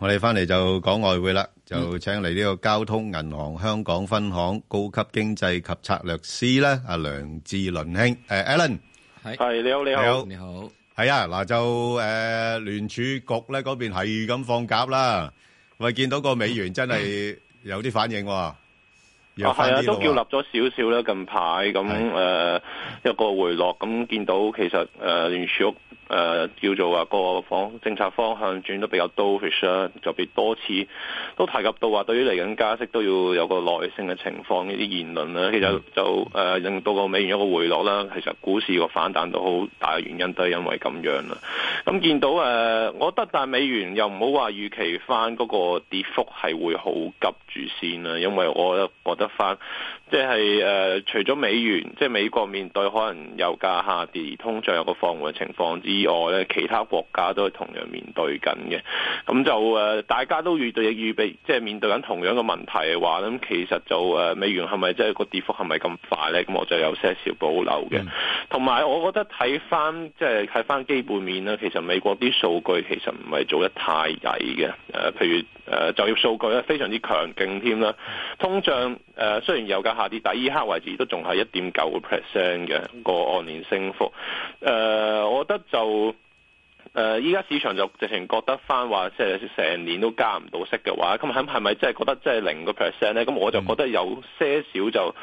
我哋翻嚟就講外匯啦，就請嚟呢個交通銀行香港分行高級經濟及策略師咧，阿梁志麟兄，誒，Alan，係你好，你好，你好，係啊，嗱就誒聯儲局咧嗰邊係咁放鴿啦，我見到個美元真係有啲反應，又係啊，都叫立咗少少啦，近排咁誒一個回落，咁見到其實誒聯儲局。誒、呃、叫做話個方政策方向轉得比較 dovish 啦，sure. 就俾多次都提及到話，對於嚟緊加息都要有個耐性嘅情況呢啲言論啦。其實就誒、呃、令到個美元一個回落啦。其實股市個反彈都好大嘅原因都係因為咁樣啦。咁見到誒、呃、我覺得但係美元又唔好話預期翻嗰個跌幅係會好急住先啦，因為我覺得翻即係誒、呃、除咗美元，即係美國面對可能油價下跌通脹有個放緩嘅情況。之。以外咧，其他國家都係同樣面對緊嘅，咁就誒、呃，大家都預對預備，即係面對緊同樣嘅問題嘅話咧，咁其實就誒、呃，美元係咪即係個跌幅係咪咁快咧？咁我就有些少保留嘅，同埋我覺得睇翻即係睇翻基本面咧，其實美國啲數據其實唔係做得太抵嘅，誒、呃，譬如誒就、呃、業數據咧非常之強勁添啦，通脹誒、呃、雖然油價下跌，但係依刻位置都仲係一點九 percent 嘅個按年升幅，誒、呃，我覺得就。到誒，依家市場就直情覺得翻話，即係成年都加唔到息嘅話，咁係咪即係覺得即係零個 percent 咧？咁我就覺得有些少就。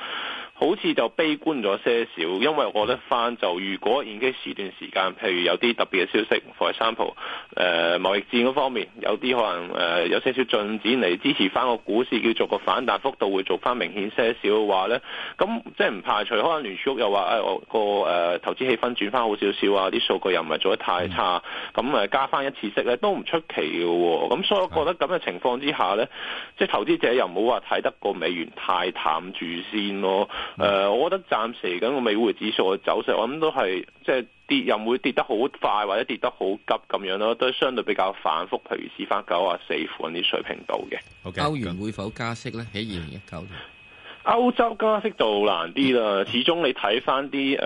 好似就悲觀咗些少，因為我覺得翻就，如果而家時段時間譬如有啲特別嘅消息，for example 誒、呃、貿易戰嗰方面有啲可能誒、呃、有些少進展嚟支持翻個股市，叫做個反彈幅度會做翻明顯些少嘅話咧，咁即係唔排除可能聯儲局又話誒、哎、我個誒、呃、投資氣氛轉翻好少少啊，啲數據又唔係做得太差，咁誒加翻一次息咧都唔出奇嘅咁、哦、所以我覺得咁嘅情況之下咧，即係投資者又唔好話睇得個美元太淡住先咯、哦。誒、呃，我覺得暫時嚟緊個美匯指數嘅走勢，我諗都係即係跌，又唔會跌得好快或者跌得好急咁樣咯，都係相對比較反覆，譬如止翻九啊四款啲水平度嘅。好嘅，歐 Okay. 元會否加息呢？喺二零一九年，歐洲加息就難啲啦，嗯、始終你睇翻啲誒，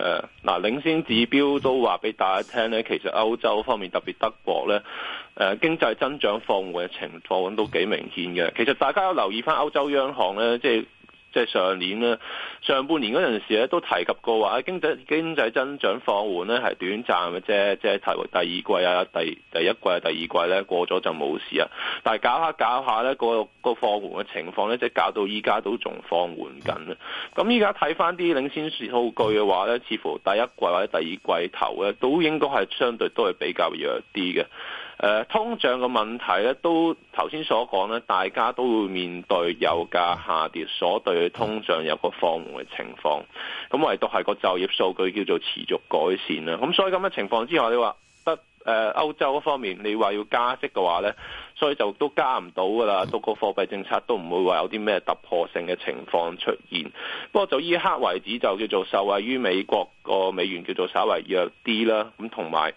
嗱、呃、領先指標都話俾大家聽呢，其實歐洲方面特別德國呢誒、呃、經濟增長放緩嘅情況都幾明顯嘅。其實大家有留意翻歐洲央行呢，即係。即係上年咧，上半年嗰陣時咧都提及過話，經濟經濟增長放緩咧係短暫嘅啫，即係提第二季啊、第第一季、第二季咧過咗就冇事啊。但係搞下搞下咧，嗰個、嗰個放緩嘅情況咧，即係搞到依家都仲放緩緊啦。咁依家睇翻啲領先數據嘅話咧，似乎第一季或者第二季頭咧，都應該係相對都係比較弱啲嘅。誒通脹嘅問題咧，都頭先所講咧，大家都會面對油價下跌所對通脹有個放緩嘅情況。咁唯獨係個就業數據叫做持續改善啦。咁所以咁嘅情況之下，你話得誒歐洲嗰方面，你話要加息嘅話咧，所以就都加唔到㗎啦。都個貨幣政策都唔會話有啲咩突破性嘅情況出現。不過就依刻為止就叫做受惠於美國個美元叫做稍為弱啲啦。咁同埋。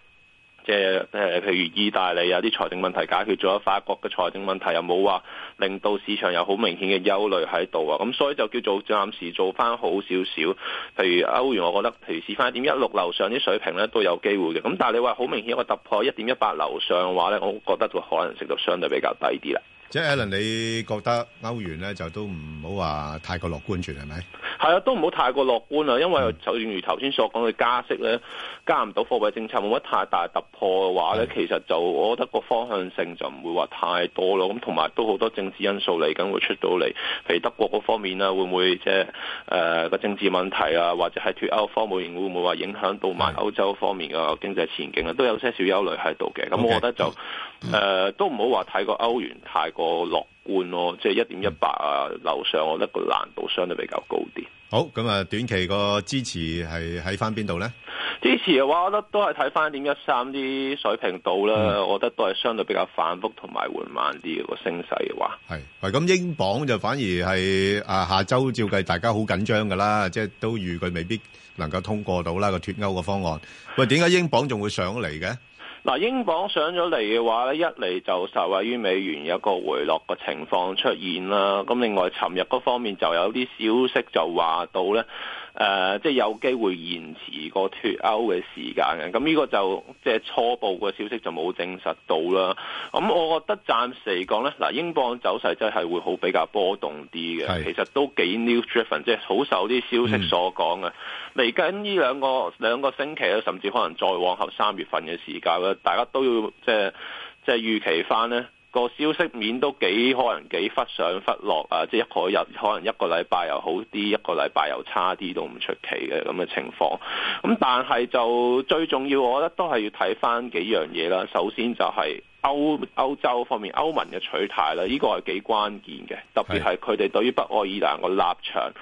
誒誒，譬如意大利有啲財政問題解決咗，法國嘅財政問題又冇話令到市場有好明顯嘅憂慮喺度啊，咁所以就叫做暫時做翻好少少。譬如歐元我如我，我覺得譬如試翻一點一六樓上啲水平咧都有機會嘅。咁但係你話好明顯一個突破一點一八樓上嘅話呢，我覺得個可能性就相對比較低啲啦。即係可能你覺得歐元咧就都唔好話太過樂觀住係咪？係啊，都唔好太過樂觀啊，因為就正如頭先所講嘅加息咧，加唔到貨幣政策冇乜太大突破嘅話咧，的其實就我覺得個方向性就唔會話太多咯。咁同埋都好多政治因素嚟緊會出到嚟，譬如德國嗰方面啊，會唔會即係誒個政治問題啊，或者係脱歐方面會唔會話影響到埋歐洲方面嘅經濟前景啊？的都有些少憂慮喺度嘅。咁我覺得就誒 Okay.、呃、都唔好話太過歐元太。個樂觀咯，即係一點一八啊，樓、嗯、上我覺得個難度相對比較高啲。好，咁啊，短期個支持係喺翻邊度咧？支持嘅話，我覺得都係睇翻一點一三啲水平度啦。嗯、我覺得都係相對比較反覆同埋緩慢啲個升勢嘅話。係，喂，咁英鎊就反而係啊，下周照計大家好緊張噶啦，即係都預佢未必能夠通過到啦個脱歐嘅方案。喂，點解英鎊仲會上嚟嘅？嗱，英鎊上咗嚟嘅話咧，一嚟就受惠於美元有一個回落嘅情況出現啦。咁另外，尋日嗰方面就有啲消息就話到咧。誒、呃，即係有機會延遲個脱歐嘅時間嘅，咁、嗯、呢、這個就即係初步嘅消息就冇證實到啦。咁、嗯、我覺得暫時嚟講咧，嗱，英鎊走勢真係會好比較波動啲嘅，是其實都幾 new driven，即係好受啲消息所講嘅。嚟緊呢兩個兩個星期咧，甚至可能再往後三月份嘅時間咧，大家都要即係即係預期翻咧。個消息面都幾可能幾忽上忽落啊。即係一個日可能一個禮拜又好啲，一個禮拜又差啲，都唔出奇嘅咁嘅情況。咁但係就最重要，我覺得都係要睇翻幾樣嘢啦。首先就係歐歐洲方面歐盟嘅取態啦，呢個係幾關鍵嘅，特別係佢哋對於北愛爾蘭個立場。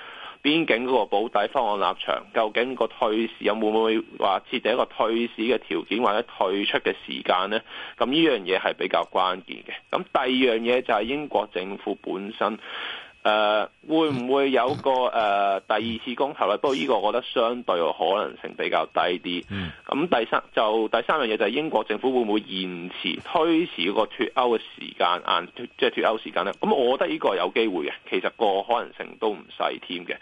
邊境嗰個保底方案立場，究竟個退市有冇會話設定一個退市嘅條件或者退出嘅時間呢？咁呢樣嘢係比較關鍵嘅。咁第二樣嘢就係英國政府本身。誒、呃、會唔會有個誒、呃、第二次公投咧？不過呢個我覺得相對個可能性比較低啲。咁、嗯嗯、第三就第三樣嘢就係英國政府會唔會延遲推遲個脱歐嘅時間，即係脱歐時間咧？咁、嗯、我覺得呢個有機會嘅，其實個可能性都唔細添嘅。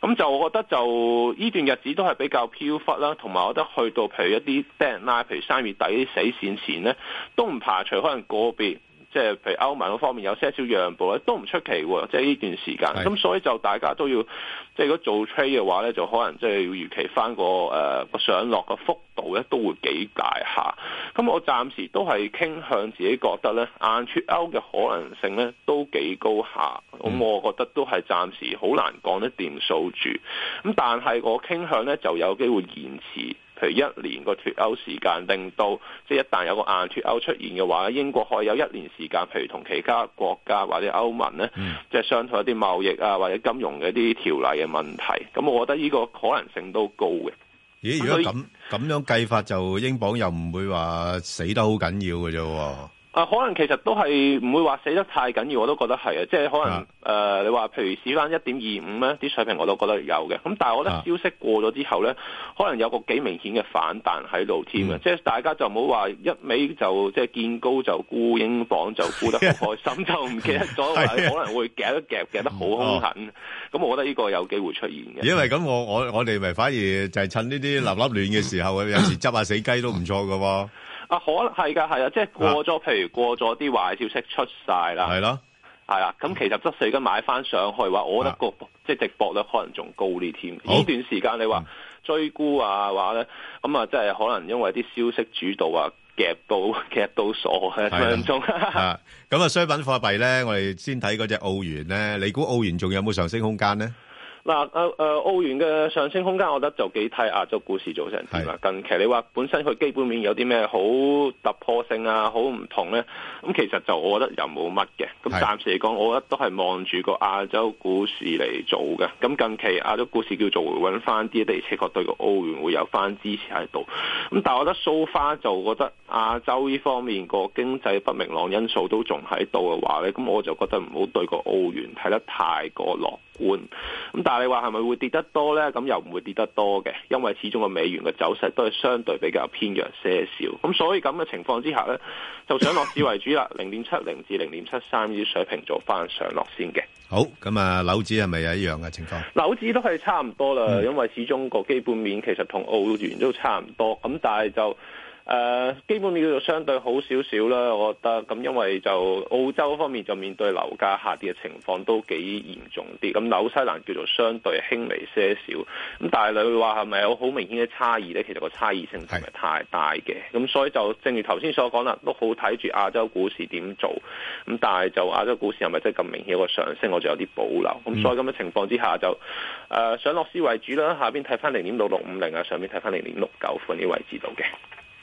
咁、嗯、就我覺得就呢段日子都係比較飄忽啦，同埋我覺得去到譬如一啲 deadline，譬如三月底啲死線前咧，都唔排除可能個別。即係譬如歐盟嗰方面有些少讓步咧，都唔出奇喎。即係呢段時間，咁是所以就大家都要，即係如果做 trade 嘅話咧，就可能即係要預期翻個誒、呃、上落嘅幅度咧，都會幾大下。咁我暫時都係傾向自己覺得咧，硬脱歐嘅可能性咧都幾高下。咁、嗯、我覺得都係暫時好難講得掂數住。咁但係我傾向咧就有機會延遲。譬如一年個脱歐時間，令到即係一旦有一個硬脱歐出現嘅話，英國可以有一年時間，譬如同其他國家或者歐盟咧，即係、嗯、商討一啲貿易啊或者金融嘅一啲條例嘅問題。咁我覺得呢個可能性都高嘅。咦？如果咁咁樣計以法，就英鎊又唔會話死得好緊要嘅啫。啊，可能其實都係唔會話死得太緊要，我都覺得係啊。即係可能誒，你話譬如試翻一點二五咧，啲水平我都覺得有嘅。咁但係我覺得消息過咗之後咧，啊、可能有個幾明顯嘅反彈喺度添啊。嗯、即係大家就冇話一味就即係見高就沽，英鎊就沽得好開心， 就唔記得咗可能會夾一夾夾，夾夾得好兇狠。咁、嗯哦、我覺得呢個有機會出現嘅。因為咁，我我我哋咪反而就係趁呢啲立立亂嘅時候，嗯嗯、有時執下死雞都唔錯嘅喎。可能係噶，係啊，即係過咗，啊、譬如過咗啲壞消息出晒啦，係咯，係啊，咁其實執四根買翻上去話，我覺得、那個的即係值博率可能仲高啲添。呢、啊、段時間你話、嗯、追沽啊話咧，咁啊，即係可能因為啲消息主導啊，夾到夾到傻啊，咁樣中。啊，咁啊，商品貨幣咧，我哋先睇嗰隻澳元咧，你估澳元仲有冇上升空間咧？嗱，誒誒、呃，澳元嘅上升空間，我覺得就幾睇亞洲股市做成點啦。是近期你話本身佢基本面有啲咩好突破性啊，好唔同咧？咁其實就我覺得又冇乜嘅。咁暫時嚟講，我覺得都係望住個亞洲股市嚟做嘅。咁近期亞洲股市叫做穩翻啲，而且確對個澳元會有翻支持喺度。咁但係我覺得 so far 就覺得亞洲呢方面個經濟不明朗因素都仲喺度嘅話咧，咁我就覺得唔好對個澳元睇得太過落觀咁，但係你話係咪會跌得多呢？咁又唔會跌得多嘅，因為始終個美元嘅走勢都係相對比較偏弱些少。咁所以咁嘅情況之下呢，就上落市為主啦，零點七零至零點七三呢啲水平做翻上落先嘅。好，咁啊，樓指係咪一樣嘅情況？樓指都係差唔多啦，因為始終個基本面其實同澳元都差唔多。咁但係就。誒，uh, 基本叫做相對好少少啦，我覺得咁，因為就澳洲方面就面對樓價下跌嘅情況都幾嚴重啲。咁紐西蘭叫做相對輕微些少，咁但係你會話係咪有好明顯嘅差異呢？其實個差異性唔係太大嘅，咁是所以就正如頭先所講啦，都好睇住亞洲股市點做。咁但係就亞洲股市係咪真係咁明顯一個上升？我就有啲保留。咁、嗯、所以咁嘅情況之下就誒、呃、上落市為主啦。下邊睇翻零點六六五零啊，上邊睇翻零點六九附近呢位置度嘅。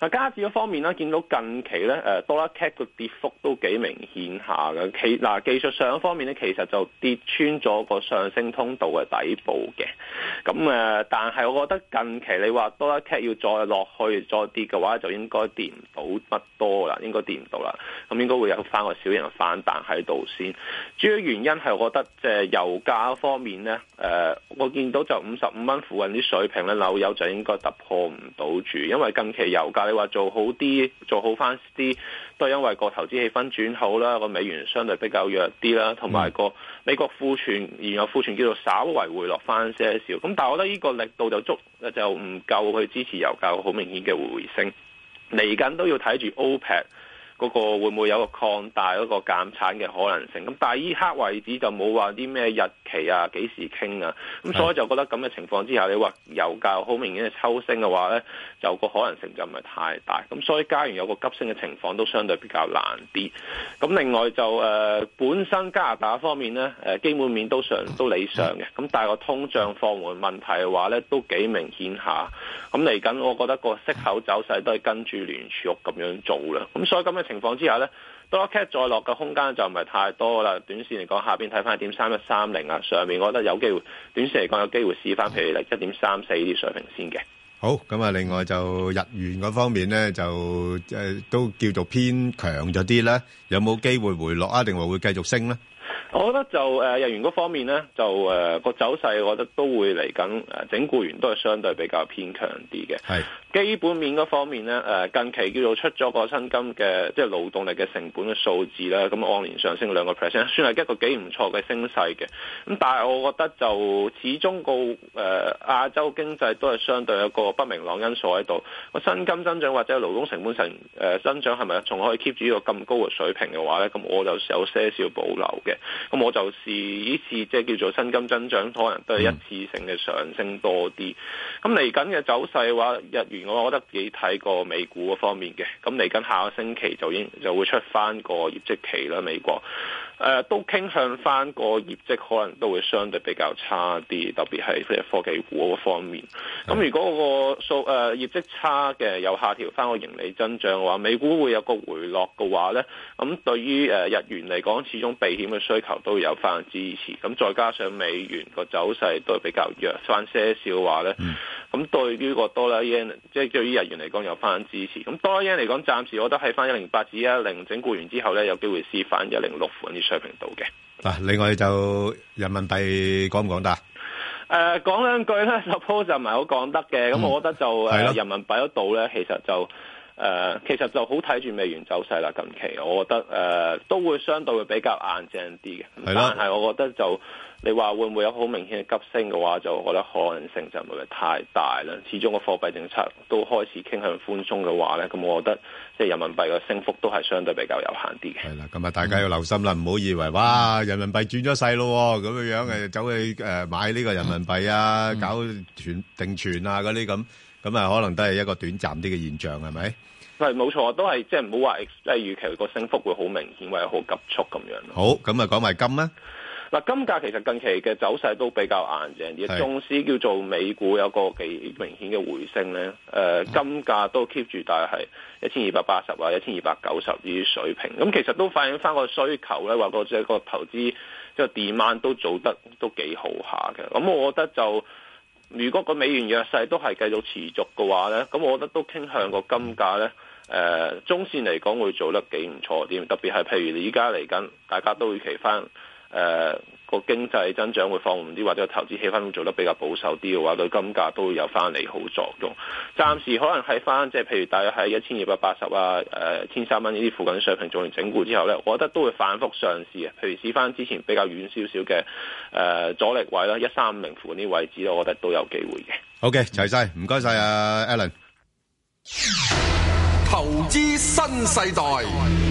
嗱，加值方面呢，見到近期咧，誒多啦 K 個跌幅都幾明顯下嘅。其嗱、呃、技術上方面咧，其實就跌穿咗個上升通道嘅底部嘅。咁誒、呃，但係我覺得近期你話多啦 K 要再落去再跌嘅話，就應該跌唔到乜多啦，應該跌唔到啦。咁應該會有翻個小型嘅反彈喺度先。主要原因係我覺得即係、呃、油價方面咧，誒、呃、我見到就五十五蚊附近啲水平咧，紐油就應該突破唔到住，因為近期油價。你話做好啲，做好翻啲，都係因為個投資氣氛轉好啦，個美元相對比較弱啲啦，同埋個美國庫存現有庫存叫做稍為回落翻些少。咁但係我覺得呢個力度就足，就唔夠去支持油價好明顯嘅回升。嚟緊都要睇住 OPEC。嗰個會唔會有個擴大嗰個減產嘅可能性？咁但係依刻為止就冇話啲咩日期啊，幾時傾啊？咁所以就覺得咁嘅情況之下，你話油價好明顯嘅抽升嘅話呢，有個可能性就唔係太大。咁所以加完有個急升嘅情況都相對比較難啲。咁另外就誒、呃、本身加拿大方面呢，誒基本面都上都理想嘅。咁但係個通脹放緩問題嘅話呢都幾明顯下。咁嚟緊我覺得個息口走勢都係跟住聯儲局咁樣做啦。咁所以咁嘅情況之下咧，美加再落嘅空間就唔係太多啦。短線嚟講，下邊睇翻一點三一三零啊，上面我覺得有機會。短線嚟講有機會試翻，譬如嚟一點三四呢啲水平先嘅。好，咁啊，另外就日元嗰方面咧，就誒、呃、都叫做偏強咗啲啦。有冇機會回落啊？定會繼續升咧？我覺得就誒日元嗰方面呢，就誒個、呃、走勢，我覺得都會嚟緊誒整固完都係相對比較偏強啲嘅。是基本面嗰方面呢，誒、呃、近期叫做出咗個薪金嘅，即、就、係、是、勞動力嘅成本嘅數字啦，咁按年上升兩個 percent，算係一個幾唔錯嘅升勢嘅。咁但係我覺得就始終個誒、呃、亞洲經濟都係相對一個不明朗因素喺度。個薪金增長或者係勞工成本成誒、呃、增長係咪仲可以 keep 住呢個咁高嘅水平嘅話呢？咁我就有些少保留嘅。咁我就，試就是呢次即係叫做薪金增長，可能都係一次性嘅上升多啲。咁嚟緊嘅走勢嘅話，日元我覺得幾睇過美股嗰方面嘅。咁嚟緊下個星期就已經就會出翻個業績期啦，美國。誒、呃、都傾向翻個業績可能都會相對比較差啲，特別係即係科技股嗰方面。咁如果個數誒、呃、業績差嘅又下調翻個盈利增長嘅話，美股會有個回落嘅話咧，咁對於誒日元嚟講，始終避險嘅需求都有翻支持。咁再加上美元個走勢都比較弱翻些少嘅話咧，咁對於個多啦 yen，即係對於日元嚟講有翻支持。咁多啦 yen 嚟講，暫時我覺得喺翻一零八至一一零整固完之後咧，有機會試翻一零六款。水平度嘅嗱，另外就人民幣講唔講得？誒、呃，講兩句咧，suppose 就唔係好講得嘅。咁我覺得就係、嗯、人民幣嗰度咧，其實就誒、呃，其實就好睇住美元走勢啦。近期我覺得誒、呃、都會相對會比較硬正啲嘅。係啦的，但係我覺得就。嗯你話會唔會有好明顯嘅急升嘅話，就我覺得可能性就唔係太大啦。始終個貨幣政策都開始傾向寬鬆嘅話咧，咁我覺得即係人民幣嘅升幅都係相對比較有限啲嘅。係啦，咁啊，大家要留心啦，唔好以為哇，人民幣轉咗勢咯，咁嘅樣誒走去誒買呢個人民幣啊，搞存定存啊嗰啲咁，咁啊可能都係一個短暫啲嘅現象係咪？係冇錯，都係、即係、即係唔好話即係預期個升幅會好明顯或者好急促咁樣。好，咁啊講埋金咧。嗱，金價其實近期嘅走勢都比較硬淨啲，縱使叫做美股有個幾明顯嘅回升咧，誒、呃、金價都 keep 住，大約係一千二百八十或一千二百九十啲水平咁、嗯，其實都反映翻個需求咧，或者即個投資即係、就是、demand 都做得都幾好下嘅。咁、嗯、我覺得就如果個美元弱勢都係繼續持續嘅話咧，咁、嗯、我覺得都傾向個金價咧，誒、呃、中線嚟講會做得幾唔錯啲，特別係譬如你依家嚟緊，大家都會期翻。誒，呃那個經濟增長會放緩啲，或者投資氣氛做得比較保守啲嘅話，對金價都會有翻利好作用。暫時可能喺翻，即係譬如大約喺一千二百八十啊，誒，千三蚊呢啲附近水平做完整固之後呢，我覺得都會反覆上試。譬如試翻之前比較遠少少嘅誒阻力位啦，一三五零附近呢啲位置，我覺得都有機會嘅。OK，齊晒，唔該晒啊，Alan。投資新世代。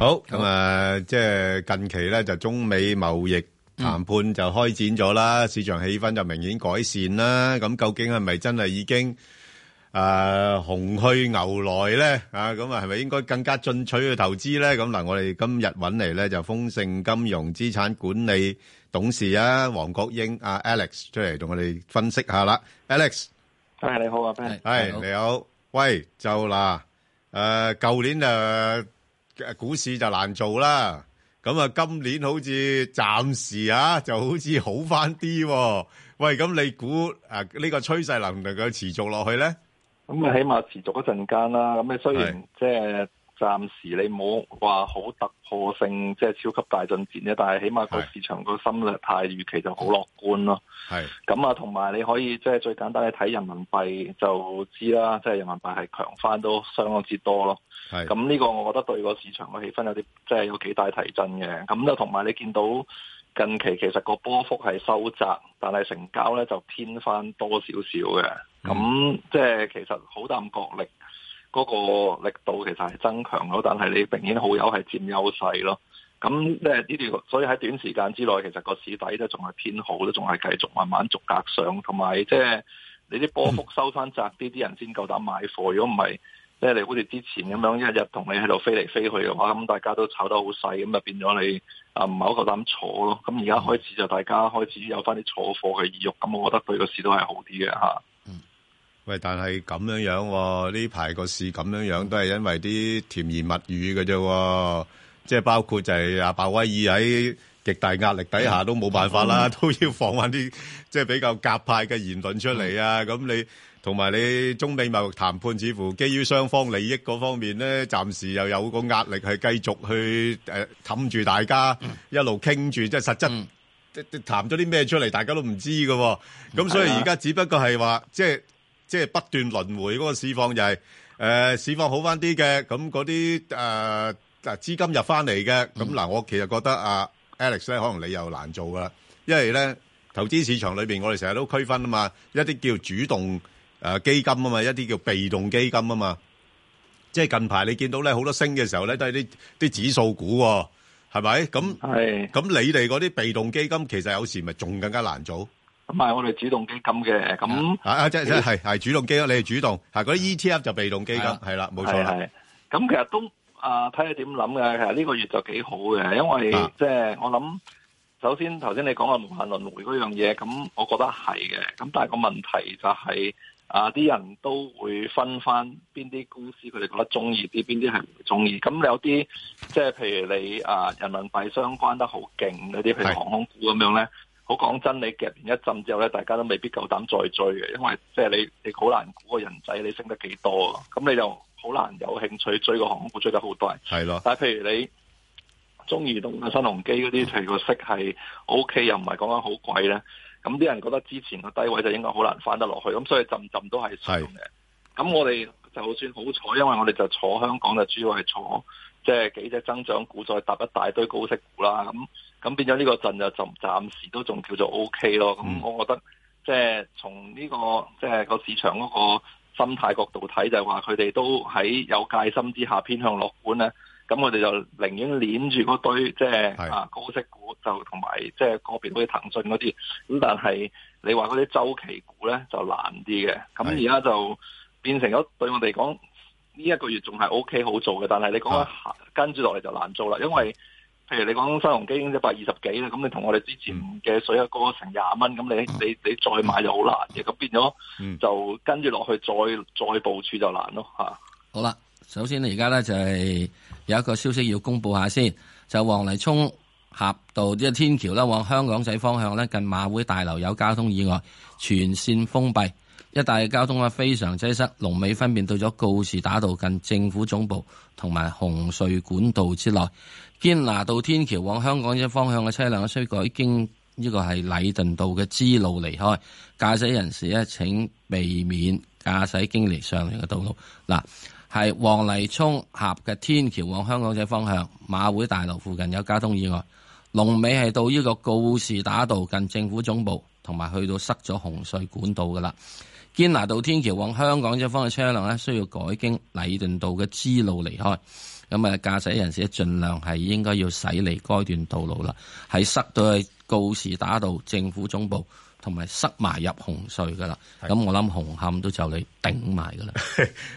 好咁啊！即係近期咧，就中美貿易談判就開展咗啦，市場氣氛就明顯改善啦。咁究竟係咪真係已經誒熊去牛來咧？啊，咁啊，係咪應該更加進取去投資咧？咁嗱，我哋今日揾嚟咧就豐盛金融資產管理董事啊，黃國英啊 Alex 出嚟同我哋分析下啦。Alex，係你好啊，friend。係你好，喂，就嗱誒，舊年誒。嘅股市就難做啦，咁、嗯、啊今年好似暫時啊就好似好返啲、哦，喂咁你估啊呢、呢個趨勢能唔能夠持續落去咧？咁啊、嗯、起碼持續一陣間啦，咁、嗯、咧雖然是即係。暫時你冇話好突破性，即、就、係、是、超級大進展，咧。但係起碼個市場個心態是預期就好樂觀咯。係咁啊，同埋你可以即係、就是、最簡單嘅睇人民幣就知啦，即、就、係、是、人民幣係強翻都相當之多咯。係咁呢個，我覺得對個市場個氣氛有啲即係有幾大提振嘅。咁就同埋你見到近期其實個波幅係收窄，但係成交咧就偏翻多少少嘅。咁即係其實好淡角力。嗰個力度其實係增強咗，但係你明顯好友係佔優勢咯。咁即係呢條，所以喺短時間之內，其實個市底都仲係偏好，都仲係繼續慢慢逐格上，同埋即係你啲波幅收翻窄啲，啲人先夠膽買貨。如果唔係，即係你好似之前咁樣一日同你喺度飛嚟飛去嘅話，咁大家都炒得好細，咁就變咗你啊唔係好夠膽坐咯。咁而家開始就大家開始有翻啲坐貨嘅意欲，咁我覺得對個市都係好啲嘅嚇。喂，但係咁樣樣，呢排個事咁樣樣，都係因為啲甜言蜜語嘅啫，即係包括就係阿鮑威爾喺極大壓力底下、嗯、都冇辦法啦，嗯、都要放翻啲即係比較鴿派嘅言論出嚟啊。咁、嗯、你同埋你中美貿易談判，似乎基於雙方利益嗰方面咧，暫時又有個壓力係繼續去誒冚住大家、嗯、一路傾住，即係實質談咗啲咩出嚟，大家都唔知嘅。咁所以而家只不過係話即係。就是即係不斷輪迴嗰個市況就係，誒市況好翻啲嘅，咁嗰啲誒資金入翻嚟嘅，咁嗱我其實覺得啊 Alex 咧可能你又難做㗎喇，因為咧投資市場裏邊我哋成日都區分啊嘛，一啲叫主動誒基金啊嘛，一啲叫被動基金啊嘛，即係近排你見到咧好多升嘅時候咧都係啲啲指數股喎，係咪？咁係咁你哋嗰啲被動基金其實有時咪仲更加難做？唔係我哋主動基金嘅，咁啊即係係係主動基金，你係主動，係嗰啲 ETF 就被動基金，係啦，冇錯。係咁，其實都啊睇下點諗嘅。其實呢個月就幾好嘅，因為即係我諗，首先頭先你講嘅無限輪回嗰樣嘢，咁我覺得係嘅。咁但係個問題就係啊，啲人都會分翻邊啲公司，佢哋覺得中意啲，邊啲係唔中意。咁有啲即係譬如你啊人民幣相關得好勁嗰啲，譬如航空股咁樣咧。好講真，你夾完一浸之後咧，大家都未必夠膽再追嘅，因為即係你你好難估個人仔你升得幾多啊，咁你又好難有興趣追個航空股追得好多人，係咯的。但係譬如你中移動啊、新鴻基嗰啲，譬如個息係 O K，又唔係講緊好貴咧，咁啲人覺得之前個低位就應該好難翻得落去，咁所以浸浸都係升嘅。咁的我哋就算好彩，因為我哋就坐香港就主要係坐即係、就是、幾隻增長股，再搭一大堆高息股啦，咁。咁變咗呢個陣就暫暫時都仲叫做 OK 咯，咁、嗯、我覺得即係、就是、從呢、這個即係、就是、個市場嗰個心態角度睇，就係話佢哋都喺有戒心之下偏向樂觀咧。咁我哋就寧願攆住嗰堆即係啊高息股，就同埋即係個別好似騰訊嗰啲。咁但係你話嗰啲週期股咧就難啲嘅。咁而家就變成咗對我哋講呢一個月仲係 OK 好做嘅，但係你講的跟住落嚟就難做啦，因為。譬如你講收已機一百二十幾啦，咁你同我哋之前嘅水價高咗成廿蚊，咁你你你再買就好難嘅，咁變咗就跟住落去再、再再部署就難咯嚇。好啦，首先你而家咧就係有一個消息要公布下先，就黃泥涌峽道即係天橋啦，往香港仔方向咧，近馬會大樓有交通意外，全線封閉，一帶交通咧非常擠塞，龍尾分別到咗告士打道近政府總部同埋紅隧管道之內。堅拿道天橋往香港一方向嘅車輛，需改經呢個係禮頓道嘅支路離開。駕駛人士咧，請避免駕駛經嚟上嚟嘅道路。嗱，係黃泥涌峽嘅天橋往香港仔方向，馬會大樓附近有交通意外。龍尾係到呢個告士打道近政府總部，同埋去到塞咗洪水管道噶啦。堅拿道天橋往香港一方嘅車輛咧，需要改經禮頓道嘅支路離開。咁啊，駕駛人士咧，儘量係應該要駛離該段道路啦，喺塞到去告士打道政府總部同埋塞埋入紅隧噶啦。咁是我諗紅磡都就嚟頂埋噶啦。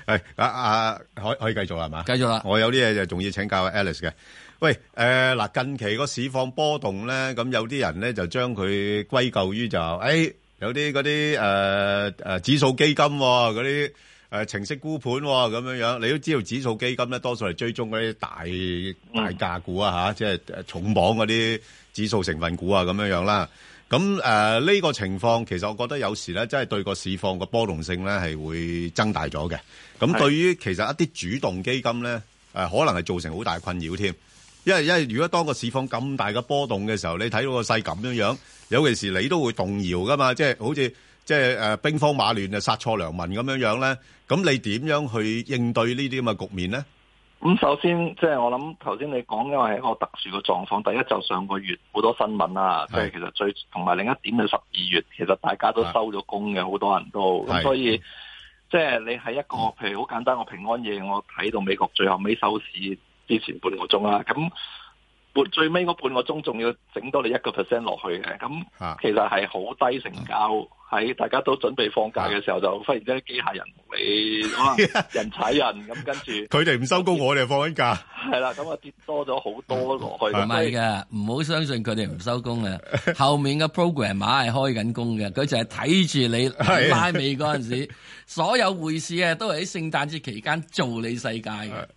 係 啊啊，可以可以繼續啦，係嘛？繼續啦，我有啲嘢就仲要請教 Alice 嘅。喂，誒、呃、嗱，近期個市況波動咧，咁有啲人咧就將佢歸咎於就誒、哎、有啲嗰啲誒誒指數基金嗰啲。誒程式沽盤咁樣樣，你都知道指數基金咧多數係追蹤嗰啲大大價股啊嚇，即係重磅嗰啲指數成分股啊咁樣樣啦。咁誒呢個情況其實我覺得有時咧，真係對個市況嘅波動性咧係會增大咗嘅。咁對於其實一啲主動基金咧，誒可能係造成好大困擾添，因為因為如果當個市況咁大嘅波動嘅時候，你睇到個勢咁樣樣，尤其是你都會動搖噶嘛，即係好似即係誒兵荒馬亂就殺錯良民咁樣樣咧。咁你點樣去應對呢啲咁嘅局面呢？咁首先，即、就、係、是、我諗頭先你講因為係一個特殊嘅狀況，第一就是、上個月好多新聞啦，即係是其實最同埋另一點就十二月，其實大家都收咗工嘅，好是多人都咁，是所以即係、就是、你係一個譬如好簡單，我平安夜是我睇到美國最後尾收市之前半個鐘啦，咁。最尾嗰半個鐘，仲要整多你一個 percent 落去嘅，咁其實係好低成交，喺、啊、大家都準備放假嘅時候，啊、就忽然之間機下人你，人踩人，咁 跟住佢哋唔收工，都我哋放緊假。係啦，咁啊跌多咗好多落去。唔係嘅。唔好樣相信佢哋唔收工嘅。 後面嘅 program 碼係開緊工嘅，佢就係睇住你拉尾嗰陣時， 所有回事啊都係喺聖誕節期，期間做你世界嘅。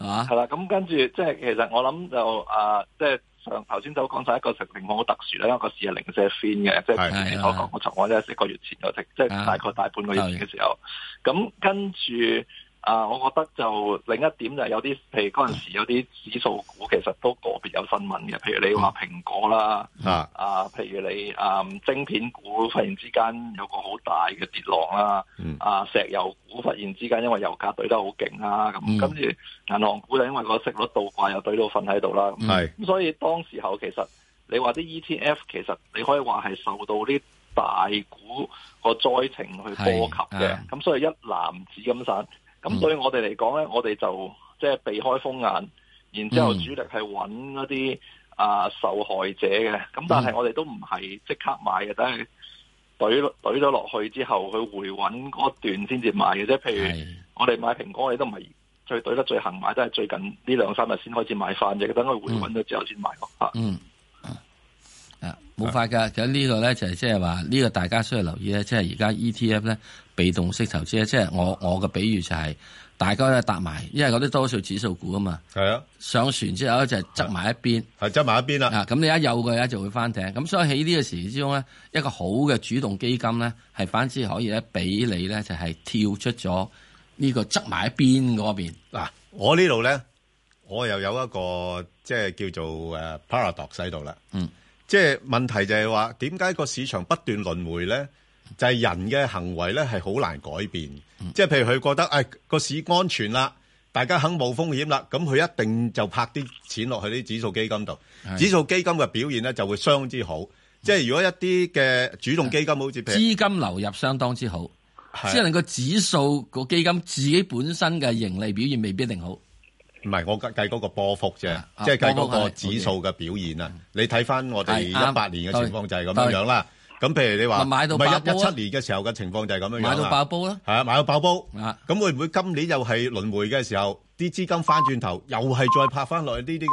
係啦，咁跟住即係其實我諗就啊，即係上頭先就講晒一個情況，好特殊啦，因為個市係零舍 fin 嘅，即係頭先你所講嗰場，我即係一個月前就即係大概大半個月前嘅時候，咁跟住。啊，uh, 我覺得就另一點就係有啲，譬如嗰陣時有啲指數股其實都個別有新聞嘅，譬如你話蘋果啦，啊，啊，譬如你啊、嗯、晶片股忽然之間有個好大嘅跌浪啦、啊，嗯、啊石油股忽然之間因為油價懟得好勁啦，咁、嗯、跟住銀行股就因為個息率倒掛又懟到瞓喺度啦，咁是、嗯、所以當時候其實你話啲 ETF 其實你可以話係受到啲大股個災情去波及嘅，咁、嗯嗯、所以一籃子咁散。咁、嗯、對我哋嚟講咧，我哋就即係避開風眼，然之後主力係揾嗰啲啊受害者嘅。咁但係我哋都唔係即刻買嘅，等係懟懟咗落去之後，佢回穩嗰段先至買嘅啫。譬如我哋買蘋果，我哋都唔係最懟得最行買，都係最近呢兩三日先開始買翻嘅。等佢回穩咗之後先買咯。吓、嗯。嗯嗯啊，冇法噶！咁、其實、呢個咧就係即係話呢個大家需要留意咧，即係而家 E T F 咧被動式投資咧，即係我我嘅比喻就係、是、大家咧搭埋，因為嗰啲多數指數股啊嘛，係啊的，上船之後咧就係側埋一邊，係側埋一邊啦。啊，咁你一有嘅咧就會翻艇，咁所以喺呢個時節之中咧，一個好嘅主動基金咧，係反之可以咧俾你咧就係、是、跳出咗、啊、呢個側埋一邊嗰邊嗱，我呢度咧我又有一個即係叫做誒 paradox 喺度啦，嗯。即係問題就係話，點解個市場不斷輪回咧？就係、是、人嘅行為咧，係好難改變。即係、嗯、譬如佢覺得，誒、哎、個市安全啦，大家肯冒風險啦，咁佢一定就拍啲錢落去啲指數基金度。的指數基金嘅表現咧，就會相之好。的即係如果一啲嘅主動基金好似，譬如資金流入相當之好，的即只能個指數個基金自己本身嘅盈利表現未必一定好。唔係，我計計嗰個波幅啫，即係計嗰個指數嘅表現啊！你睇翻我哋一八年嘅情況就係咁樣樣啦。咁譬如你話，買到，唔係一一七年嘅時候嘅情況就係咁樣樣啦。買到爆煲啦！係啊，買到爆煲啊！咁會唔會今年又係輪迴嘅時候，啲資金翻轉頭又係再拍翻落呢啲？